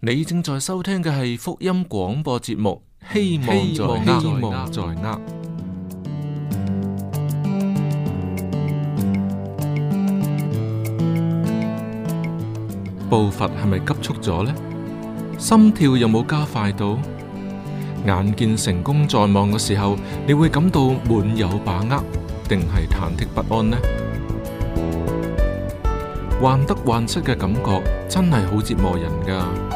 你正在收聽嘅係福音廣播節目，希望希望在握。步伐係咪急促咗呢？心跳有冇加快到？眼見成功在望嘅時候，你會感到滿有把握，定係忐忑不安呢？患得患失嘅感覺真係好折磨人噶。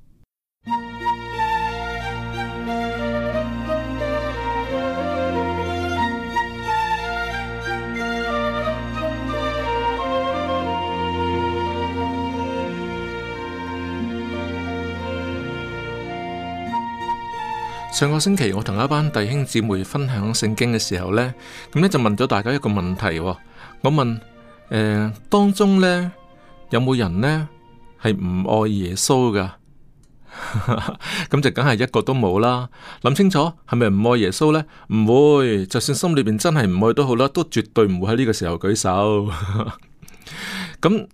上個星期我同一班弟兄姊妹分享聖經嘅時候呢，咁呢就問咗大家一個問題，我問，誒，當中呢有冇人呢係唔愛耶穌噶？咁就梗係一個都冇啦。諗清楚係咪唔愛耶穌呢？唔會，就算心裏邊真係唔愛都好啦，都絕對唔會喺呢個時候舉手。咁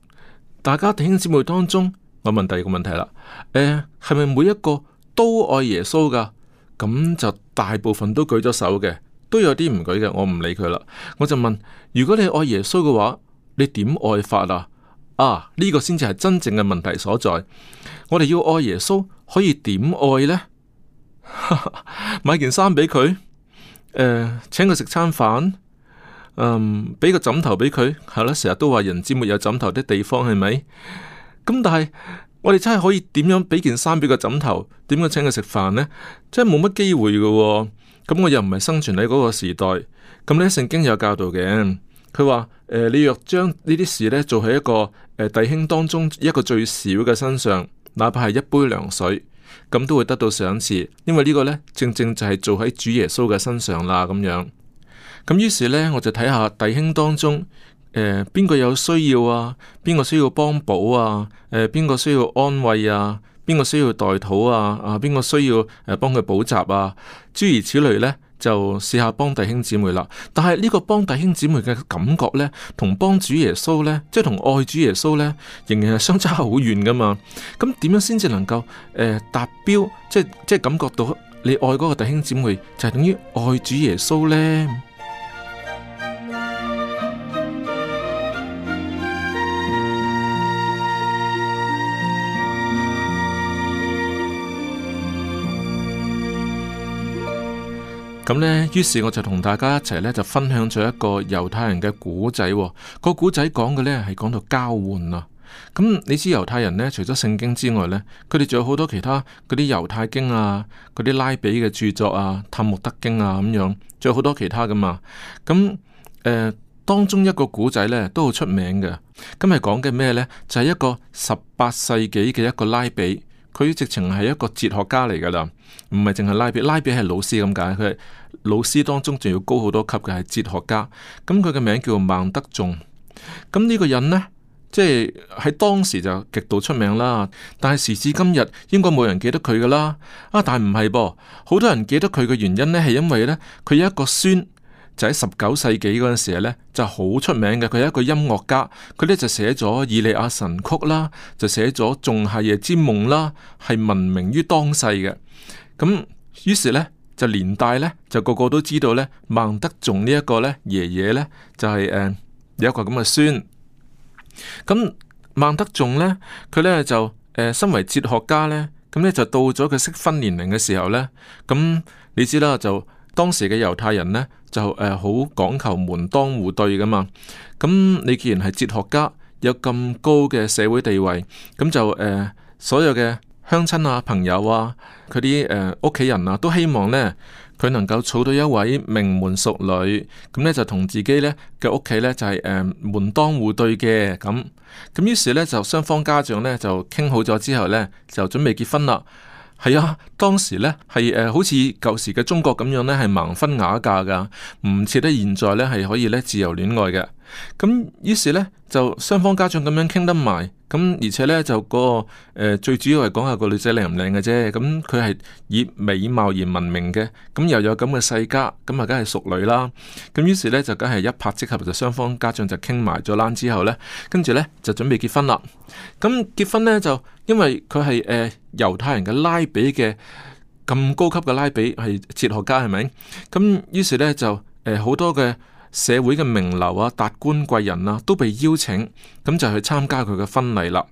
大家弟兄姊妹當中，我問第二個問題啦，誒，係咪每一個都愛耶穌噶？咁就大部分都舉咗手嘅，都有啲唔舉嘅，我唔理佢啦。我就問：如果你愛耶穌嘅話，你點愛法啊？啊，呢、這個先至係真正嘅問題所在。我哋要愛耶穌，可以點愛呢？ 買件衫俾佢，誒、呃，請佢食餐飯，嗯，俾個枕頭俾佢，係咯，成日都話人子沒有枕頭的地方係咪？咁但係。我哋真係可以點樣俾件衫俾個枕頭？點樣請佢食飯呢？真係冇乜機會噶、哦。咁我又唔係生存喺嗰個時代。咁呢，聖經有教導嘅。佢話，呃，你若將呢啲事呢做喺一個，呃，弟兄當中一個最少嘅身上，哪怕係一杯涼水，咁都會得到賞賜。因為呢個呢，正正就係做喺主耶穌嘅身上啦。咁樣。咁於是呢，我就睇下弟兄當中。誒，邊個、呃、有需要啊？邊個需要幫補啊？誒、呃，邊個需要安慰啊？邊個需要代禱啊？啊，邊個需要誒幫佢補習啊？諸如此類咧，就試下幫弟兄姊妹啦。但係呢個幫弟兄姊妹嘅感覺咧，同幫主耶穌咧，即係同愛主耶穌咧，仍然係相差好遠噶嘛。咁點樣先至能夠誒達標？即係即係感覺到你愛嗰個弟兄姊妹，就係、是、等於愛主耶穌咧？咁呢，於是我就同大家一齊呢，就分享咗一個猶太人嘅古仔。個古仔講嘅呢，係講到交換啊。咁你知猶太人呢，除咗聖經之外呢，佢哋仲有好多其他嗰啲猶太經啊，嗰啲拉比嘅著作啊，塔木德經啊咁樣，仲有好多其他噶嘛。咁誒、呃，當中一個古仔呢，都好出名嘅。今日講嘅咩呢？就係、是、一個十八世紀嘅一個拉比。佢直情係一個哲學家嚟噶啦，唔係淨係拉比，拉比係老師咁解，佢係老師當中仲要高好多級嘅係哲學家。咁佢嘅名叫孟德仲。咁呢個人呢，即係喺當時就極度出名啦，但係時至今日應該冇人記得佢噶啦。啊，但係唔係噃，好多人記得佢嘅原因呢，係因為呢，佢有一個孫。就喺十九世紀嗰陣時呢，就好出名嘅。佢係一個音樂家，佢呢就寫咗《以利亞神曲》啦，就寫咗《仲夏夜之夢》啦，係聞名於當世嘅。咁、嗯、於是呢，就連帶呢，就個個都知道呢，孟德仲呢一個呢爺爺呢，就係、是、誒、嗯、有一個咁嘅孫。咁、嗯、孟德仲呢，佢呢就誒、呃、身為哲學家呢，咁、嗯、呢就到咗佢適婚年齡嘅時候呢。咁、嗯、你知啦，就當時嘅猶太人呢。就誒好講求門當戶對噶嘛，咁你既然係哲學家，有咁高嘅社會地位，咁就誒、呃、所有嘅鄉親啊、朋友啊、佢啲誒屋企人啊，都希望呢，佢能夠娶到一位名門淑女，咁呢就同自己呢嘅屋企呢，就係誒門當戶對嘅，咁咁於是呢，就雙方家長呢，就傾好咗之後呢，就準備結婚啦。係啊，當時咧係誒，好似舊時嘅中國咁樣咧，係盲婚啞嫁㗎，唔似得現在咧係可以咧自由戀愛嘅。咁於是呢，就雙方家長咁樣傾得埋，咁而且呢，就個誒、呃、最主要係講下個女仔靚唔靚嘅啫，咁佢係以美貌而聞名嘅，咁又有咁嘅世家，咁啊梗係淑女啦。咁於是呢，就梗係一拍即合，就雙方家長就傾埋咗啦。之後呢，跟住呢，就準備結婚啦。咁結婚呢，就因為佢係誒猶太人嘅拉比嘅咁高級嘅拉比係哲學家係咪？咁於是呢，就誒、呃、好多嘅。社會嘅名流啊、達官貴人啊，都被邀請，咁就去參加佢嘅婚禮啦。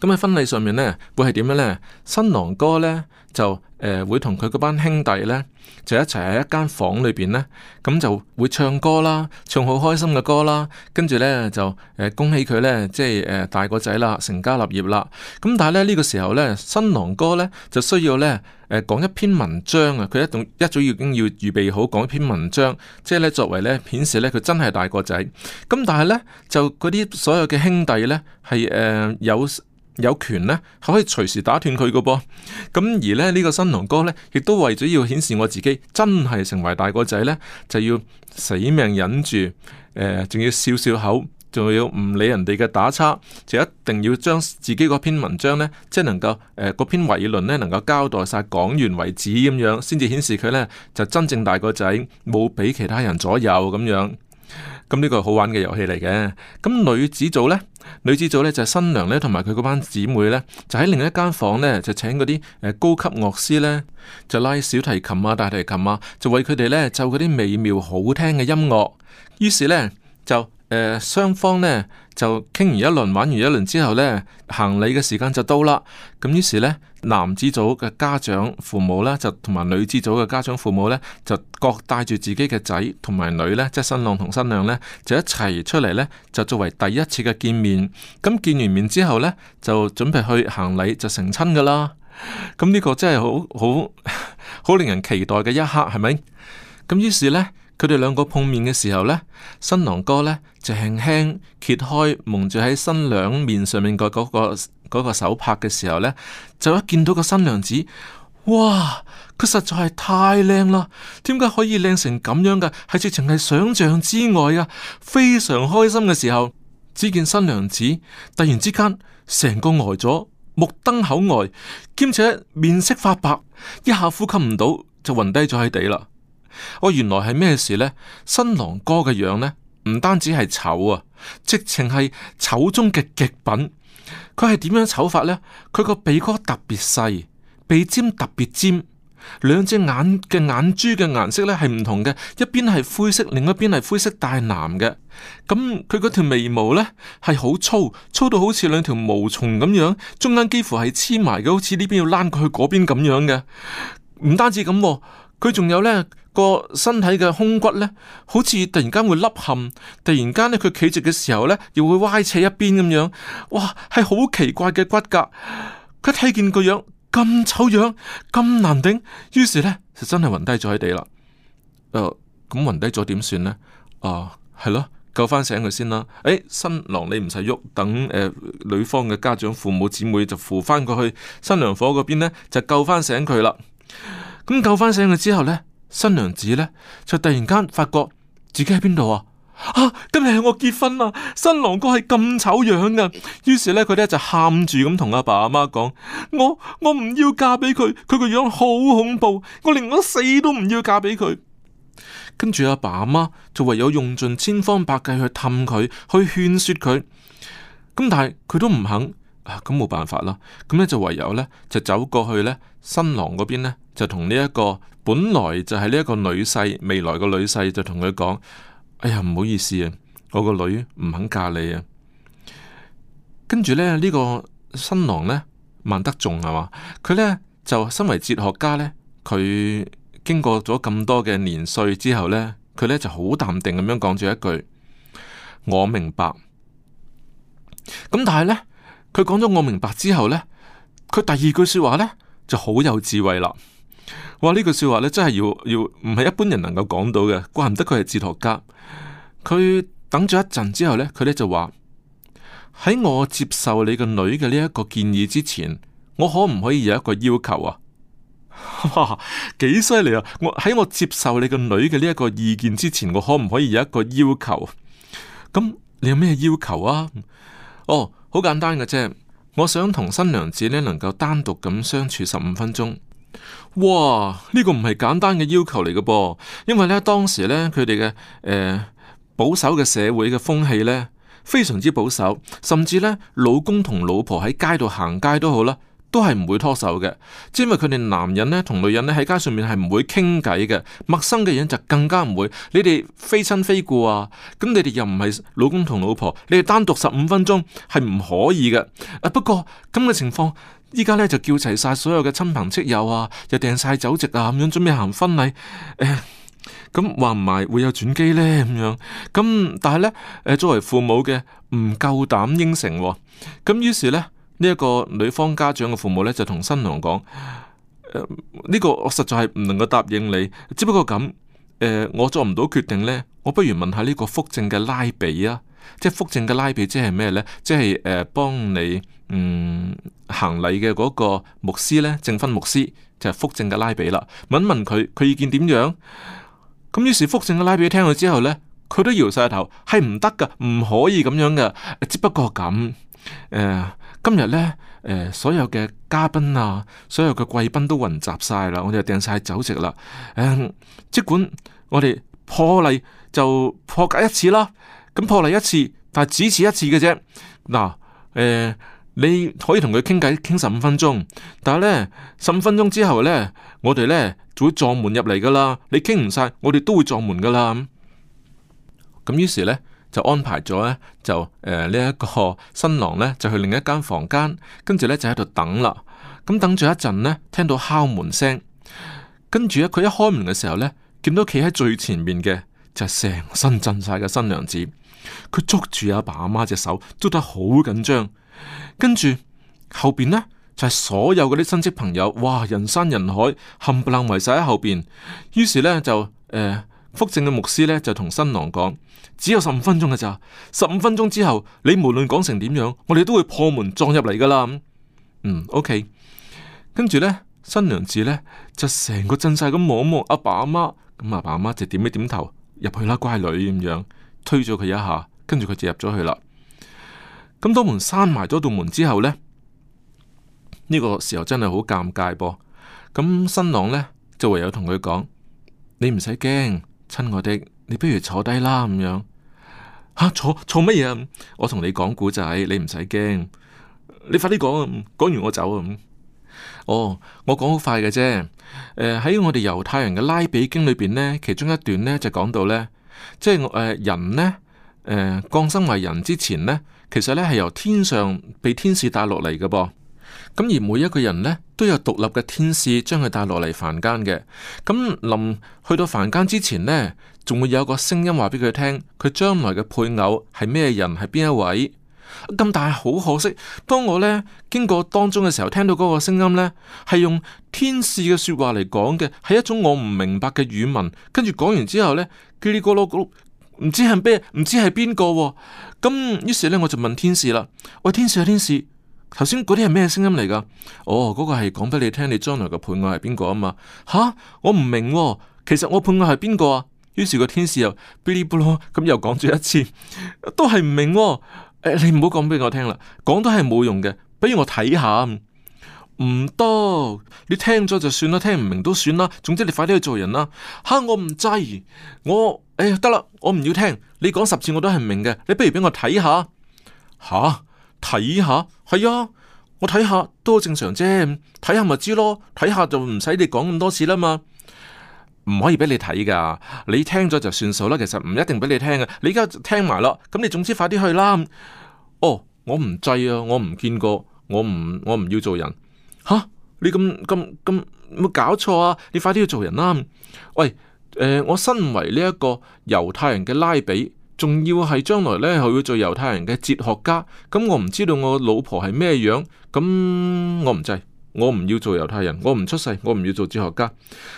咁喺婚禮上面呢，會係點樣呢？新郎哥呢，就誒、呃、會同佢嗰班兄弟呢，就一齊喺一間房裏邊呢，咁就會唱歌啦，唱好開心嘅歌啦，跟住呢，就誒恭喜佢呢，即係誒大個仔啦，成家立業啦。咁但係呢，呢、呢個時候呢，新郎哥呢，就需要呢誒、呃、講一篇文章啊，佢一早一早已經要預備好講一篇文章，即係咧作為呢顯示呢，佢真係大個仔。咁但係呢，就嗰啲所有嘅兄弟呢，係誒、呃、有。有權呢，係可以隨時打斷佢嘅噃。咁而咧，呢、呢個新郎哥呢，亦都為咗要顯示我自己真係成為大個仔呢，就要死命忍住，仲、呃、要笑笑口，仲要唔理人哋嘅打岔，就一定要將自己嗰篇文章呢，即係能夠嗰、呃、篇偉論呢，能夠交代晒講完為止咁樣，先至顯示佢呢，就真正大個仔，冇俾其他人左右咁樣。咁呢個係好玩嘅遊戲嚟嘅，咁女子組呢，女子組呢就係新娘呢，同埋佢嗰班姊妹呢，就喺另一間房呢，就請嗰啲誒高級樂師呢，就拉小提琴啊、大提琴啊，就為佢哋呢奏嗰啲美妙好聽嘅音樂，於是呢，就。誒，雙、呃、方呢就傾完一輪，玩完一輪之後呢，行禮嘅時間就到啦。咁於是呢，男子組嘅家長父母呢，就同埋女子組嘅家長父母呢，就各帶住自己嘅仔同埋女呢，即係新郎同新娘呢，就一齊出嚟呢，就作為第一次嘅見面。咁見完面之後呢，就準備去行禮，就成親噶啦。咁、嗯、呢、這個真係好好好令人期待嘅一刻，係咪？咁於是呢。佢哋兩個碰面嘅時候呢，新郎哥呢，就輕輕揭開蒙住喺新娘面上面，嗰個嗰個，嗰個手帕嘅時候呢，就一見到個新娘子，哇！佢實在係太靚啦，點解可以靚成咁樣嘅？係直情係想象之外啊！非常開心嘅時候，只見新娘子突然之間成個呆咗，目瞪口呆，兼且面色發白，一下呼吸唔到，就暈低咗喺地啦。我原來係咩事呢？新郎哥嘅樣呢，唔單止係醜啊，直情係醜中嘅極品。佢係點樣醜法呢？佢個鼻哥特別細，鼻尖特別尖，兩隻眼嘅眼珠嘅顏色呢係唔同嘅，一邊係灰色，另一邊係灰色帶藍嘅。咁佢嗰條眉毛呢係好粗，粗到好似兩條毛蟲咁樣，中間幾乎係黐埋嘅，好似呢邊要拉佢去嗰邊咁樣嘅。唔單止咁啊，佢仲有呢。個身體嘅胸骨呢，好似突然間會凹陷，突然間呢佢企直嘅時候呢，又會歪斜一邊咁樣，哇，係好奇怪嘅骨骼。佢睇見個樣咁醜樣，咁難頂，於是呢，就真係暈低咗喺地，呃暈呃，啦。誒，咁暈低咗點算呢？啊，係咯，救翻醒佢先啦。誒、欸，新郎你唔使喐，等誒、呃、女方嘅家長、父母、姊妹就扶翻過去新娘房嗰邊呢，就救翻醒佢啦。咁救翻醒佢之後呢。新娘子呢，就突然間發覺自己喺邊度啊？啊，今日係我結婚啦，新郎哥係咁醜樣嘅。於是呢，佢呢就喊住咁同阿爸阿媽講：我我唔要嫁俾佢，佢個樣好恐怖，我連我死都唔要嫁俾佢。跟住阿爸阿媽就唯有用盡千方百計去氹佢，去勸說佢。咁但係佢都唔肯。咁冇辦法啦，咁呢就唯有呢，就走過去呢，新郎嗰邊呢，就同呢一個本來就係呢一個女婿、未來個女婿，就同佢講：哎呀，唔好意思啊，我個女唔肯嫁你啊。跟住呢，呢、呢個新郎呢，問得仲係嘛？佢呢就身為哲學家呢，佢經過咗咁多嘅年歲之後呢，佢呢就好淡定咁樣講咗一句：我明白。咁但係呢，佢講咗我明白之後呢，佢第二句說話呢就好有智慧啦。哇！呢句說話呢，真係要要唔係一般人能夠講到嘅，怪唔得佢係哲學家。佢等咗一陣之後呢，佢呢就話：喺我接受你個女嘅呢一個建議之前，我可唔可以有一個要求啊？哇！幾犀利啊！我喺我接受你個女嘅呢一個意見之前，我可唔可以有一個要求？咁你有咩要求啊？哦。好簡單嘅啫，我想同新娘子呢能夠單獨咁相處十五分鐘。哇，呢個唔係簡單嘅要求嚟嘅噃，因為呢，當時呢，佢哋嘅保守嘅社會嘅風氣呢，非常之保守，甚至呢，老公同老婆喺街度行街都好啦。都係唔會拖手嘅，只因為佢哋男人咧同女人咧喺街上面係唔會傾偈嘅，陌生嘅人就更加唔會。你哋非親非故啊，咁你哋又唔係老公同老婆，你哋單獨十五分鐘係唔可以嘅。啊，不過咁嘅情況，依家咧就叫齊晒所有嘅親朋戚友啊，又訂晒酒席啊，咁樣準備行婚禮。誒，咁話唔埋會有轉機咧，咁樣。咁但係咧，誒，作為父母嘅唔夠膽應承，咁於是咧。呢一個女方家長嘅父母呢，就同新郎講：，呢、呃這個我實在係唔能夠答應你，只不過咁，誒、呃，我做唔到決定呢。我不如問下呢個復正嘅拉比啊，即係復正嘅拉比，即係咩呢？即係誒，幫、呃、你嗯行禮嘅嗰個牧師呢。證婚牧師就係、是、復正嘅拉比啦，問問佢，佢意見點樣？咁於是復正嘅拉比聽咗之後呢，佢都搖晒頭，係唔得噶，唔可以咁樣噶，只不過咁，誒、呃。今日呢，誒、呃、所有嘅嘉賓啊，所有嘅貴賓都雲集晒啦，我哋就訂晒酒席啦。誒、呃，即管我哋破例就破格一次啦。咁、嗯、破例一次，但係只此一次嘅啫。嗱，誒、呃、你可以同佢傾偈傾十五分鐘，但係呢，十五分鐘之後呢，我哋呢就會撞門入嚟噶啦。你傾唔晒，我哋都會撞門噶啦。咁、嗯、於是呢。就安排咗咧，就誒呢一個新郎咧就去另一間房間，跟住咧就喺度等啦。咁等咗一陣咧，聽到敲門聲，跟住咧佢一開門嘅時候咧，見到企喺最前面嘅就係成身震晒嘅新娘子，佢捉住阿爸阿媽隻手，捉得好緊張。跟住後邊咧就係所有嗰啲親戚朋友，哇，人山人海，冚唪唥圍晒喺後邊。於是咧就誒。呃福正嘅牧師呢，就同新郎講，只有十五分鐘㗎咋，十五分鐘之後你無論講成點樣，我哋都會破門撞入嚟噶啦。嗯，OK，跟住呢，新娘子呢，就成個震晒咁望一望阿爸阿媽，咁阿爸阿媽就點一點頭入去啦，乖女咁樣推咗佢一下，跟住佢就入咗去啦。咁當門閂埋咗道門之後呢，呢個時候真係好尷尬噃。咁新郎呢，就唯有同佢講，你唔使驚。親愛的，你不如坐低啦，咁樣吓、啊、坐坐乜嘢？我同你講古仔，你唔使驚，你快啲講，講完我走啊！哦，我講好快嘅啫。喺、呃、我哋猶太人嘅《拉比經》裏邊呢，其中一段呢，就講到呢，即係誒、呃、人呢，誒、呃、降生為人之前呢，其實呢係由天上被天使帶落嚟嘅噃。咁而每一個人呢都有獨立嘅天使將佢帶落嚟凡間嘅，咁臨去到凡間之前呢，仲會有個聲音話俾佢聽，佢將來嘅配偶係咩人，係邊一位。咁但係好可惜，當我呢經過當中嘅時候，聽到嗰個聲音呢，係用天使嘅說話嚟講嘅，係一種我唔明白嘅語文。跟住講完之後呢，嘰哩咕嚕咕嚕，唔知係咩，唔知係邊個。咁於是呢，我就問天使啦：喂，天使呀，天使。頭先嗰啲係咩聲音嚟噶？哦，嗰個係講畀你聽，你將來嘅判案係邊個啊嘛？吓，我唔明喎。其實我判案係邊個啊？於是個天使又嗶哩咕嚕咁又講咗一次，都係唔明喎。誒、欸，你唔好講畀我聽啦，講都係冇用嘅。不如我睇下。唔、嗯、得，你聽咗就算啦，聽唔明都算啦。總之你快啲去做人啦。吓，我唔制，我誒得啦，我唔要聽。你講十次我都係唔明嘅。你不如畀我睇下。吓？睇下係啊，我睇下都正常啫。睇下咪知咯，睇下就唔使你講咁多次啦嘛。唔可以俾你睇噶，你聽咗就算數啦。其實唔一定俾你聽嘅。你而家聽埋啦，咁你總之快啲去啦。哦，我唔制啊，我唔見過，我唔我唔要做人。吓、啊，你咁咁咁冇搞錯啊！你快啲去做人啦。喂，誒、呃，我身為呢一個猶太人嘅拉比。仲要係將來呢，係會做猶太人嘅哲學家，咁我唔知道我老婆係咩樣，咁我唔制，我唔要做猶太人，我唔出世，我唔要做哲學家。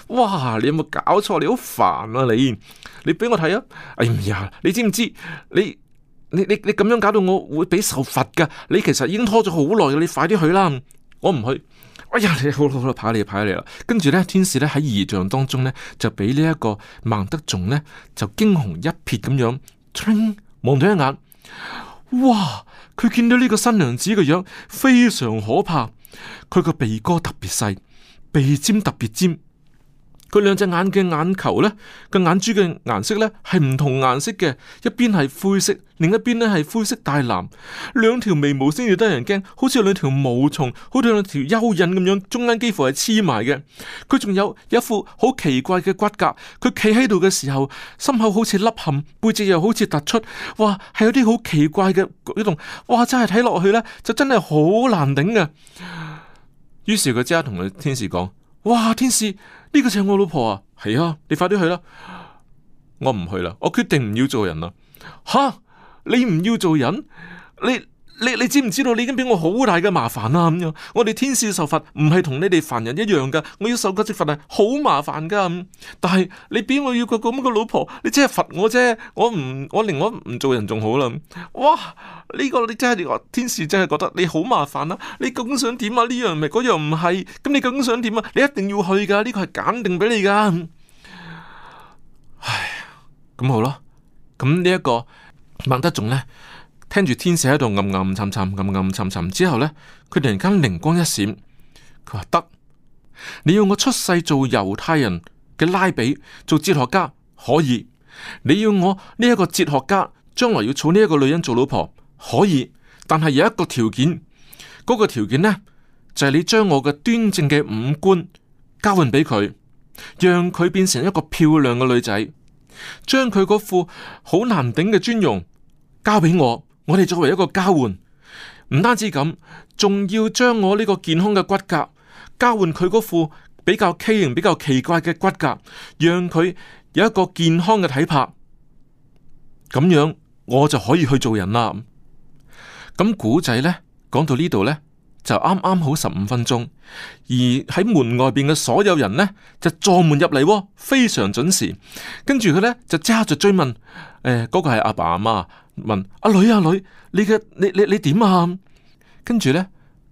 哇！你有冇搞錯？你好煩啊你！你俾我睇啊！哎呀，你知唔知？你你你你咁樣搞到我會俾受罰噶！你其實已經拖咗好耐嘅，你快啲去啦！我唔去。哎呀，你好啦，排你排你啦。跟住呢，天使呢喺異象當中呢，就俾呢一個孟德仲呢，就驚鴻一瞥咁樣。望咗一眼，哇！佢見到呢個新娘子嘅樣非常可怕，佢個鼻哥特別細，鼻尖特別尖。佢兩隻眼嘅眼球呢，個眼珠嘅顏色呢，係唔同顏色嘅，一邊係灰色，另一邊呢係灰色大藍。兩條眉毛先至得人驚，好似兩條毛蟲，好似兩條蚯蚓咁樣，中間幾乎係黐埋嘅。佢仲有一副好奇怪嘅骨骼，佢企喺度嘅時候，心口好似凹陷，背脊又好似突出，哇，係有啲好奇怪嘅舉動，哇，真係睇落去呢，就真係好難頂嘅。於是佢即刻同佢天使講：哇，天使！呢個就係我老婆啊，係啊，你快啲去啦！我唔去啦，我決定唔要做人啦。吓？你唔要做人？你？你你知唔知道？你已經俾我好大嘅麻煩啦！咁樣，我哋天使受罰唔係同你哋凡人一樣噶，我要受嗰隻罰係好麻煩噶。但係你俾我要個咁嘅老婆，你真係罰我啫。我唔我寧可唔做人仲好啦。哇！呢個你真係，天使真係覺得你好麻煩啦。你究竟想點啊？呢樣唔係，嗰樣唔係，咁你究竟想點啊？你一定要去噶，呢個係揀定俾你噶。唉，咁好咯。咁呢一個孟德仲呢？聽住天使喺度暗暗沉沉、暗暗沉沉之後呢，佢突然間靈光一閃，佢話得，你要我出世做猶太人嘅拉比，做哲學家可以。你要我呢一個哲學家將來要娶呢一個女人做老婆可以，但係有一個條件，嗰個條件呢，就係你將我嘅端正嘅五官交換俾佢，讓佢變成一個漂亮嘅女仔，將佢嗰副好難頂嘅尊容交俾我。我哋作為一個交換，唔單止咁，仲要將我呢個健康嘅骨骼交換佢嗰副比較畸形、比較奇怪嘅骨骼，讓佢有一個健康嘅體魄，咁樣我就可以去做人啦。咁古仔呢，講到呢度呢。就啱啱好十五分鐘，而喺門外邊嘅所有人呢，就撞門入嚟，非常準時。跟住佢呢，就即刻就追問：誒，嗰個係阿爸阿媽？問阿女阿女，你嘅你你你點啊？跟住呢，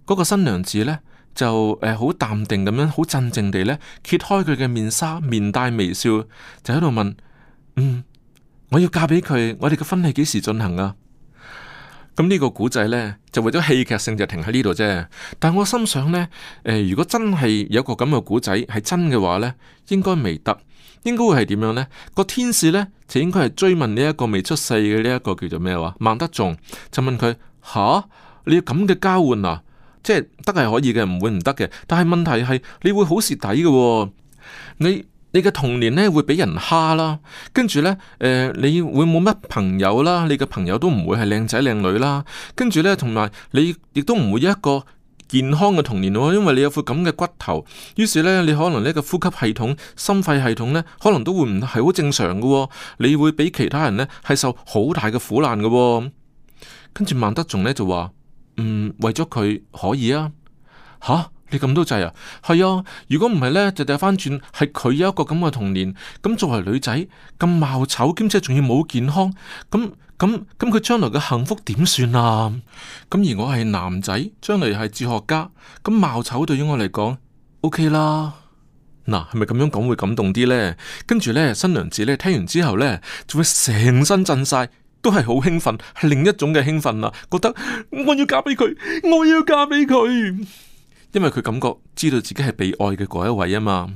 嗰個新娘子呢，就誒好淡定咁樣，好鎮靜地呢，揭開佢嘅面紗，面帶微笑，就喺度問：嗯，我要嫁俾佢，我哋嘅婚禮幾時進行啊？咁呢個古仔呢，就為咗戲劇性就停喺呢度啫。但我心想呢，誒、呃，如果真係有個咁嘅古仔係真嘅話呢，應該未得，應該會係點樣呢？個天使呢，就應該係追問呢一個未出世嘅呢一個叫做咩話？孟德仲就問佢：吓，你有咁嘅交換啊？即係得係可以嘅，唔會唔得嘅。但係問題係，哦，你會好蝕底嘅。你你嘅童年咧會俾人蝦啦，跟住呢，誒、呃，你會冇乜朋友啦，你嘅朋友都唔會係靚仔靚女啦，跟住呢，同埋你亦都唔會有一個健康嘅童年咯，因為你有副咁嘅骨頭，於是呢，你可能呢一個呼吸系統、心肺系統呢，可能都會唔係好正常嘅，你會俾其他人呢係受好大嘅苦難嘅，跟住孟德仲呢就話，嗯，為咗佢可以啊，吓？你咁多制啊？係啊！如果唔係呢，就掉翻轉，係佢有一個咁嘅童年。咁、嗯、作為女仔咁貌醜，兼且仲要冇健康，咁咁咁，佢、嗯、將、嗯嗯嗯、來嘅幸福點算啊？咁、嗯、而我係男仔，將來係哲學家，咁、嗯、貌醜對於我嚟講，O K 啦。嗱，係咪咁樣講會感動啲呢？跟住呢，新娘子呢，聽完之後呢，就會成身震晒，都係好興奮，係另一種嘅興奮啦、啊。覺得我要嫁俾佢，我要嫁俾佢。因為佢感覺知道自己係被愛嘅嗰一位啊嘛。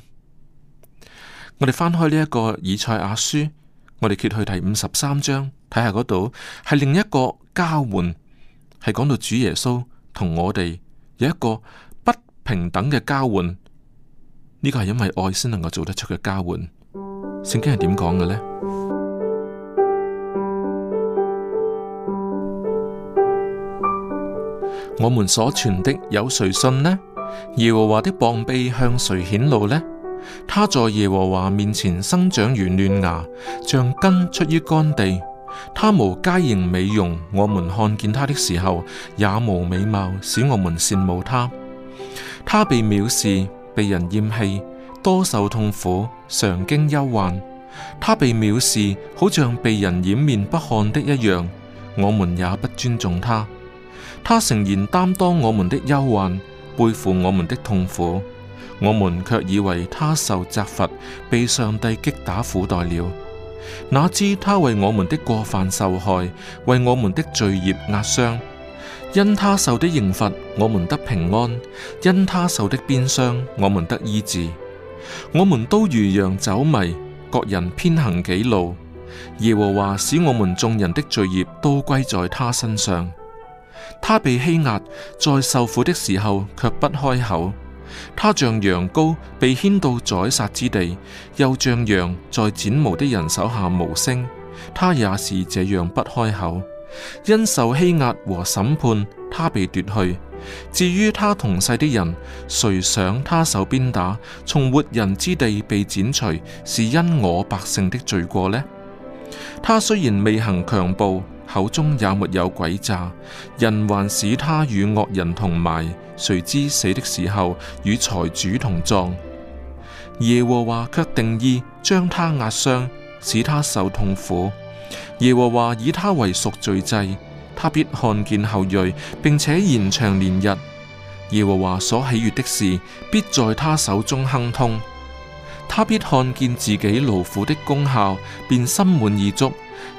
我哋翻開呢一個以賽亞書，我哋揭去第五十三章，睇下嗰度係另一個交換，係講到主耶穌同我哋有一個不平等嘅交換，呢個係因為愛先能夠做得出嘅交換。聖經係點講嘅呢？我們所傳的有誰信呢？耶和華的膀臂向誰顯露呢？他在耶和華面前生長如嫩芽，像根出於乾地。他無佳形美容，我們看見他的時候也無美貌，使我們羨慕他。他被藐視，被人厭棄，多受痛苦，常經憂患。他被藐視，好像被人掩面不看的一樣，我們也不尊重他。他誠然擔當我們的憂患，背負我們的痛苦，我們却以為他受責罰，被上帝擊打苦待了。哪知他為我們的過犯受害，為我們的罪孽壓傷。因他受的刑罰，我們得平安；因他受的鞭傷，我們得醫治。我們都如羊走迷，各人偏行己路。耶和華使我們眾人的罪孽都歸在他身上。他被欺壓，在受苦的時候卻不開口。他像羊羔被牽到宰殺之地，又像羊在剪毛的人手下無聲。他也是這樣不開口，因受欺壓和審判，他被奪去。至於他同世的人，誰想他受鞭打，從活人之地被剪除，是因我百姓的罪過呢？他雖然未行強暴。口中也沒有詭詐，人還使他與惡人同埋，誰知死的時候與財主同葬。耶和華卻定意將他壓傷，使他受痛苦。耶和華以他為贖罪祭，他必看見後裔，並且延長年日。耶和華所喜悅的事，必在他手中亨通。他必看見自己勞苦的功效，便心滿意足。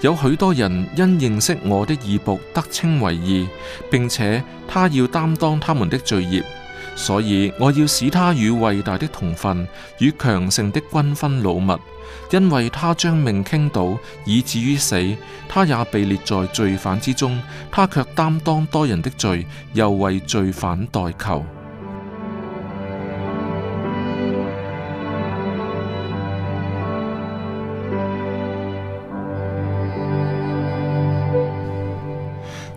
有許多人因認識我的義僕得稱為義，並且他要擔當他們的罪孽。所以我要使他與偉大的同分，與強盛的軍分老物，因為他將命傾倒，以至於死，他也被列在罪犯之中，他卻擔當多人的罪，又為罪犯代求。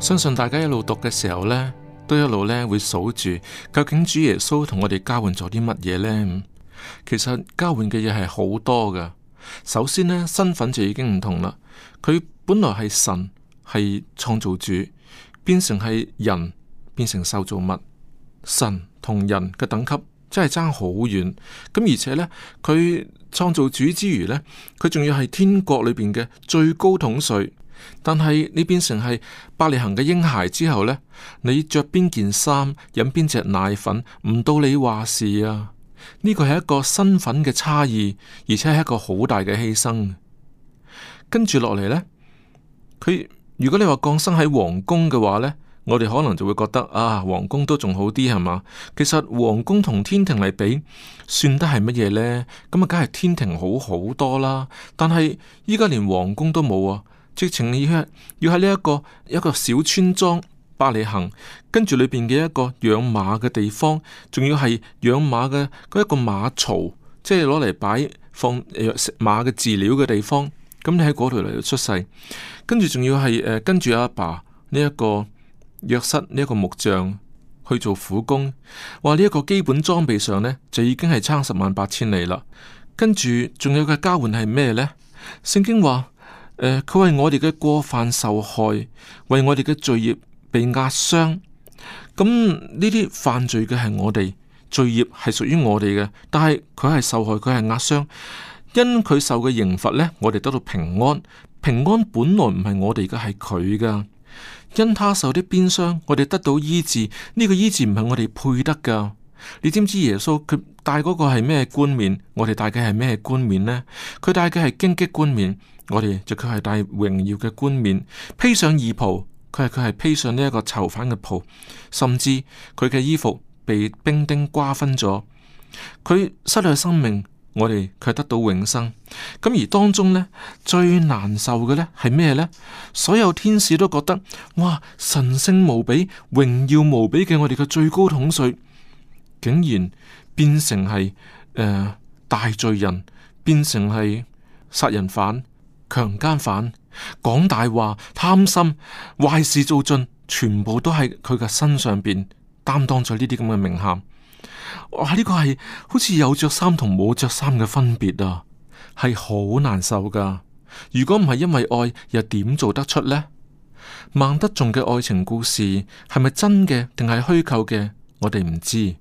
相信大家一路讀嘅時候呢，都一路呢會數住究竟主耶穌同我哋交換咗啲乜嘢呢？其實交換嘅嘢係好多噶。首先呢，身份就已經唔同啦。佢本來係神，係創造主，變成係人，變成受造物。神同人嘅等級真係爭好遠。咁而且呢，佢創造主之餘呢，佢仲要係天國裏邊嘅最高統帥。但係你變成係百里行嘅嬰孩之後呢，你着邊件衫，飲邊隻奶粉，唔到你話事啊？呢個係一個身份嘅差異，而且係一個好大嘅犧牲。跟住落嚟呢，佢如果你話降生喺皇宮嘅話呢，我哋可能就會覺得啊，皇宮都仲好啲係嘛？其實皇宮同天庭嚟比，算得係乜嘢呢？咁啊，梗係天庭好好多啦。但係依家連皇宮都冇啊。直情要喺要喺呢一個一個小村莊，伯利恆，跟住裏邊嘅一個養馬嘅地方，仲要係養馬嘅嗰一個馬槽，即係攞嚟擺放馬嘅飼料嘅地方。咁你喺嗰度嚟到出世，跟住仲要係誒跟住阿爸呢一個約瑟呢一個木匠去做苦工。話呢一個基本裝備上呢，就已經係差十萬八千里啦。跟住仲有嘅交換係咩呢？聖經話。佢為我哋嘅過犯受害，為我哋嘅罪業被壓傷。咁呢啲犯罪嘅，係我哋罪業，係屬於我哋嘅，但係佢係受害，佢係壓傷。因佢受嘅刑罰呢，我哋得到平安。平安本來唔係我哋嘅，係佢噶。因他受啲鞭傷，我哋得到醫治。呢、這個醫治唔係我哋配得噶。你知唔知耶穌佢戴嗰個係咩冠冕？我哋戴嘅係咩冠冕呢？佢戴嘅係荊棘冠冕。我哋就佢係戴榮耀嘅冠冕，披上義袍，佢係佢係披上呢一個囚犯嘅袍，甚至佢嘅衣服被兵丁瓜分咗，佢失去生命，我哋卻得到永生。咁而當中呢，最難受嘅呢，係咩呢？所有天使都覺得哇，神聖無比、榮耀無比嘅我哋嘅最高統帥，竟然變成係誒、呃、大罪人，變成係殺人犯。強奸犯、講大話、貪心、壞事做盡，全部都喺佢嘅身上邊擔當咗呢啲咁嘅名銜。哇這個、啊，呢個係好似有着衫同冇着衫嘅分別啊，係好難受噶。如果唔係因為愛，又點做得出呢？孟德仲嘅愛情故事係咪真嘅，定係虛構嘅？我哋唔知，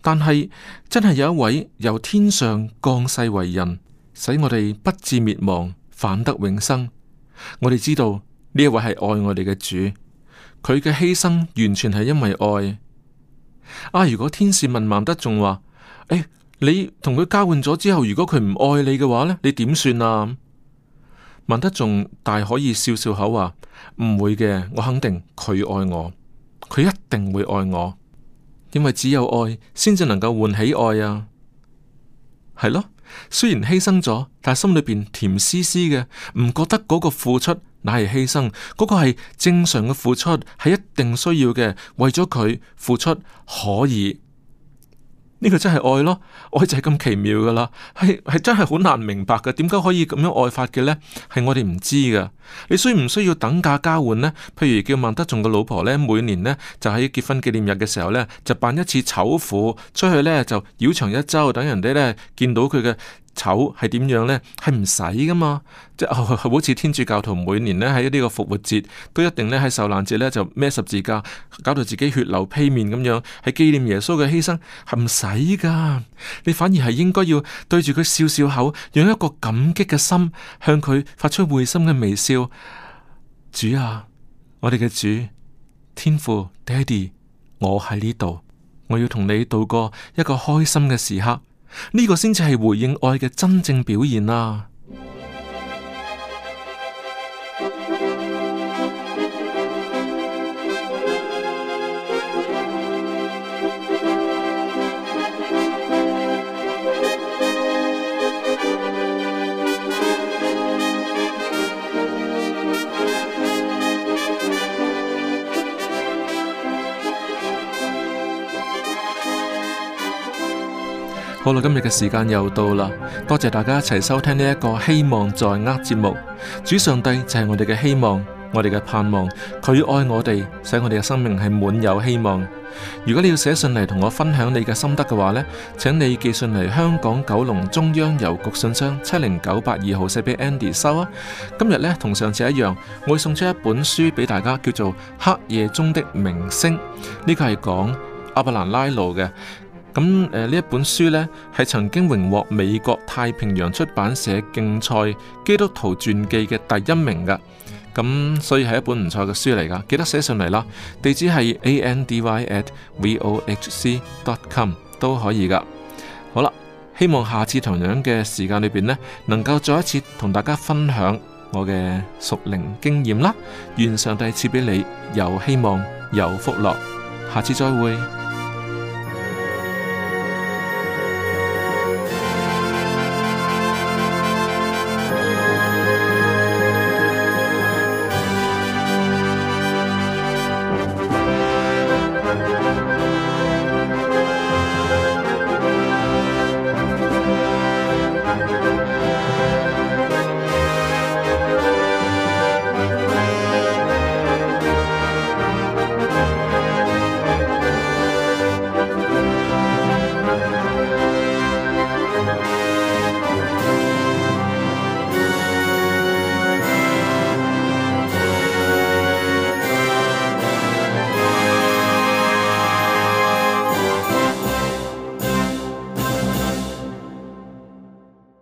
但係真係有一位由天上降世為人，使我哋不至滅亡。反得永生，我哋知道呢一位係愛我哋嘅主，佢嘅犧牲完全係因為愛。啊，如果天使問孟德仲話：哎，你同佢交換咗之後，如果佢唔愛你嘅話呢，你點算啊？孟德仲大可以笑笑口話：唔會嘅，我肯定佢愛我，佢一定會愛我，因為只有愛先至能夠喚起愛啊，係咯。雖然犧牲咗，但係心裏邊甜絲絲嘅，唔覺得嗰個付出乃係犧牲，嗰、嗰個係正常嘅付出，係一定需要嘅。為咗佢付出可以，呢、呢個真係愛咯，愛就係咁奇妙噶啦，係係真係好難明白噶，點解可以咁樣愛法嘅呢？係我哋唔知噶。你需唔需要等價交換呢？譬如叫孟德仲個老婆呢，每年呢就喺結婚紀念日嘅時候呢，就扮一次醜婦出去呢，就繞場一周，等人哋呢見到佢嘅醜係點樣呢？係唔使噶嘛？即係、哦、好似天主教徒每年呢喺呢個復活節都一定呢喺受難節呢就孭十字架，搞到自己血流披面咁樣，係紀念耶穌嘅犧牲係唔使噶。你反而係應該要對住佢笑笑口，用一個感激嘅心向佢發出會心嘅微笑。主啊，我哋嘅主，天父爹哋，我喺呢度，我要同你度過一個開心嘅時刻，呢個先至係回應愛嘅真正表現啊。好啦，今日嘅時間又到啦，多謝大家一齊收聽呢一個希望在握節目。主上帝就係我哋嘅希望，我哋嘅盼望，佢愛我哋，使我哋嘅生命係滿有希望。如果你要寫信嚟同我分享你嘅心得嘅話呢，請你寄信嚟香港九龍中央郵局信箱七零九八二號，寫俾 Andy 收啊。今日呢同上次一樣，我會送出一本書俾大家，叫做《黑夜中的明星》，呢個係講阿伯蘭拉魯嘅。咁誒，呢一本書咧係曾經榮獲美國太平洋出版社競賽基督徒傳記嘅第一名噶，咁所以係一本唔錯嘅書嚟噶，記得寫上嚟啦，地址係 a n d y at v o h c dot com 都可以噶。好啦，希望下次同樣嘅時間裏邊咧，能夠再一次同大家分享我嘅屬靈經驗啦。願上帝賜俾你有希望、有福樂，下次再會。